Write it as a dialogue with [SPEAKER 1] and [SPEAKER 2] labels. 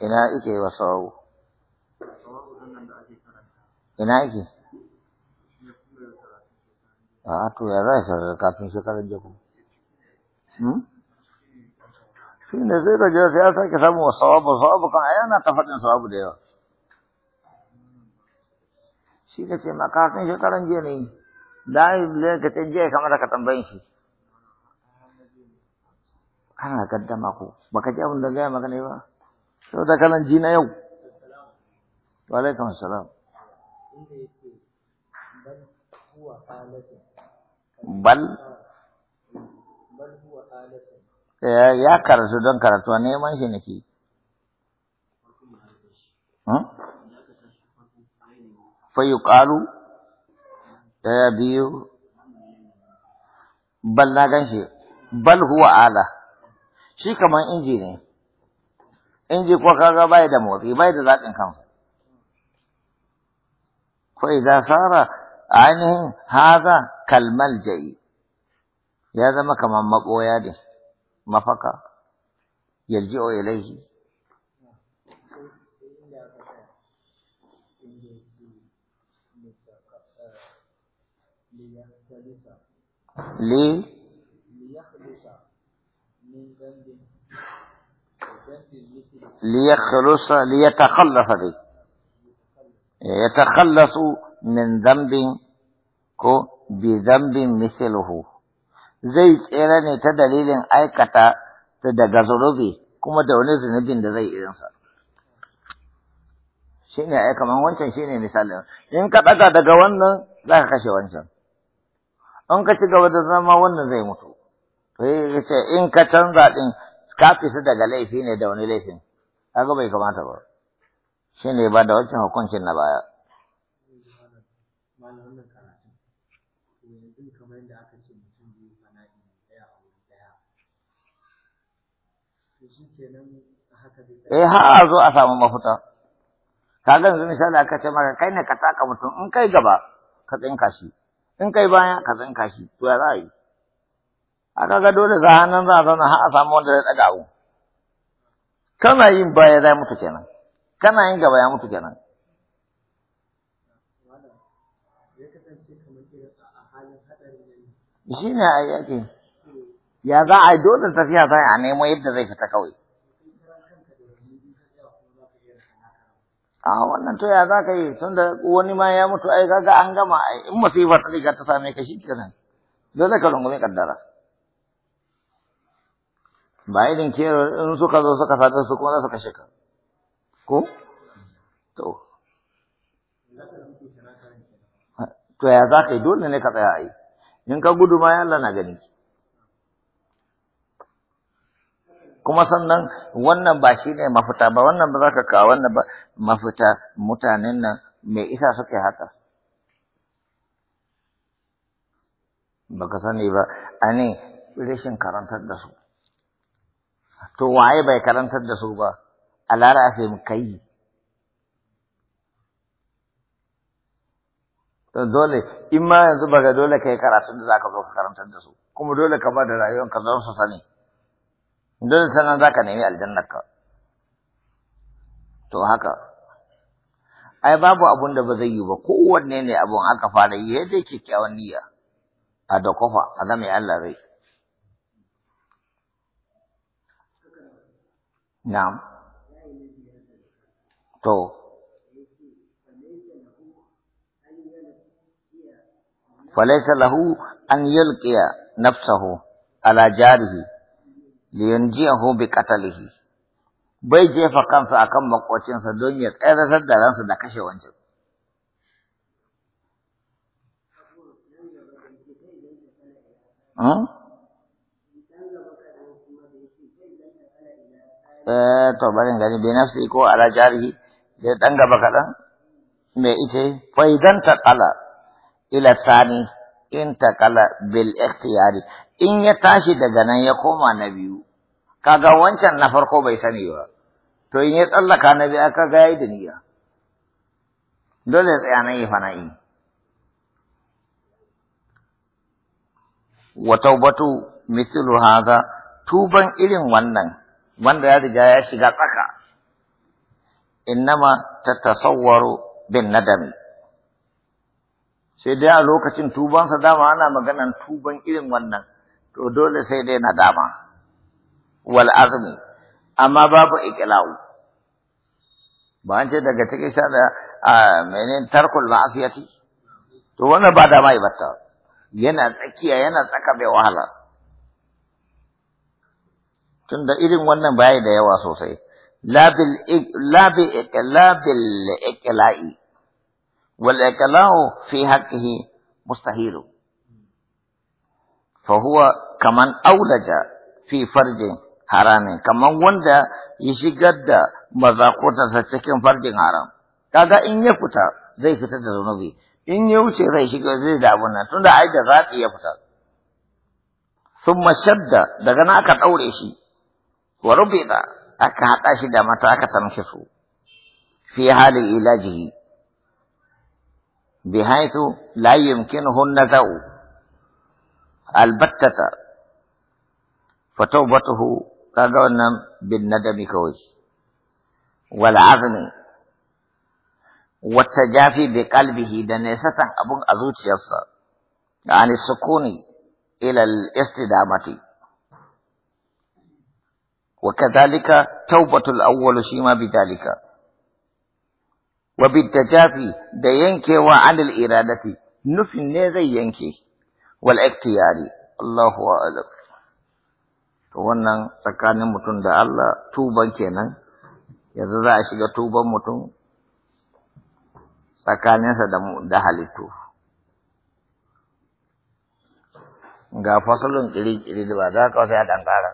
[SPEAKER 1] ina ike wa sawabu ina ike a to ya za shi kafin shekarar jago hmm? shi ne sai ka jira sai ya sake samun wa sawabu sawabu kan a yana ta faɗin sawabu da yawa shi ka ce ma kafin shekarar jiya ne da ce jiya kamar ka tambayin shi kana gaddama ko baka ji abin da gaya maka ne ba sau da kanan ji na yau alaikum salam bal ya karatu don karatu neman shi nake hm? fayuƙalu ɗaya biyu bal na gan shi bal huwa ala shi kamar inji ne in ji kuwa kaga bai da motsi bai da zaɓin kansa ko idan sara ainihin haza kalmal jai ya zama kamar maɓoya ne mafaka yarji'u ilaihi li ليخلص ليتخلص به يتخلص من ذنب ko bi zambin زي zai tsere اي ta dalilin aikata ta daga zunubi kuma da wani da zai irinsa shi ne ai kaman wancan shi ne in ka ɗaga daga wannan za ka kashe wancan in ka ci gaba da zama wannan zai mutu to in ka canza ka fita daga laifi ne da wani laifin kaga bai kamata ba shi ne ba da wancan hukuncin na baya eh ha, a zo a samu mafuta kaga yanzu misali aka ce maka kai ne ka taka mutum in kai gaba ka tsinka shi in kai baya ka tsinka shi to ya za a yi A kaga dole za a nan za a zauna har a samu wanda zai ɗaga abu kana yin baya zai mutu kenan kana yin gaba ya mutu kenan shi ne a yake ya za a yi dole tafiya za a nemo yadda zai fita kawai a wannan to ya za ka yi tun da wani ma ya mutu ai kaga an gama in masifar ta riga ta same ka shi kenan dole ka rungume kaddara ba irin kero in suka zo suka sata su kuma za su kashe ka ko to to ya za ka yi dole ne ka tsaya a yi in ka gudu ma ya lana gani kuma sannan wannan ba shi ne mafita ba wannan ba za ka kawo wannan ba mafita mutanen nan mai isa suke haka baka sani ba a ne rashin karantar da su to waye bai karantar da su ba a mu kai to dole in ma yanzu baga dole kai karatun da zaka zo ka karantar da su kuma dole ka ba da rayuwar ka don su sani dole sanan zaka nemi ka. to haka ai babu abun da ba zai yi ba kowanne ne abun aka fara yi yadda kyakkyawan niyya a da kofa a zama Allah zai Na'am. To. Falaisa lahu an yulqiya nafsahu ala jarihi liyanjiyahu bi qatalihi. Bai jefa kansa akan makwacinsa don ya tsayar da ransa da kashe wancan. Hmm? Eh, to barin gani bi nafsi ko ala jarihi da dan gaba kaɗan me ita faidan ta kala ila tani in ta kala bil ikhtiyari in ya tashi daga nan ya koma na biyu kaga wancan na farko bai sani ba to in ya tsallaka na biyu aka ga yayi da niyya dole tsaya nan ya fana'i wa taubatu mithlu hadha tuban irin wannan wanda ya riga ya shiga tsaka innama tatasawwaru bin nadami sai dai a lokacin tubansa dama ana maganan tuban irin wannan to dole sai dai dama wal azmi amma babu ikilau ba an ce daga cikin sha da menene tarkul ma'asiyati to wannan ba dama ibata yana tsakiya yana tsaka bai wahala tunda irin wannan baya da yawa sosai labil labil iqla'i wal iqla'u fi haqqihi mustahil fa huwa kaman aulaja fi farjin haramin kaman wanda ya shigar da mazakotarsa cikin farjin haram kaga in ya fita zai fita da zunubi in ya wuce zai shiga zai da abun nan tunda ai da zaɓi ya fita summa shadda daga nan aka ɗaure shi وربط rubida aka متاكة shi في حال aka بحيث لا يمكنه النزو البتة فتوبته كغنم بالندم كوي والعظم والتجافي بقلبه دنيسة أبو أزوت يسر عن يعني السكون إلى الاستدامة وكذلك توبة الأول شيما بذلك وبالتجافي دا nufin وعن الإرادة نفي النذي ينكي
[SPEAKER 2] والاختيار
[SPEAKER 1] الله أعلم wannan tsakanin mutum da Allah tuban kenan yanzu za a shiga tuban mutum tsakaninsa da da halittu ga fasalin ƙiri-ƙiri da ba za ka wasu ya ɗan ƙara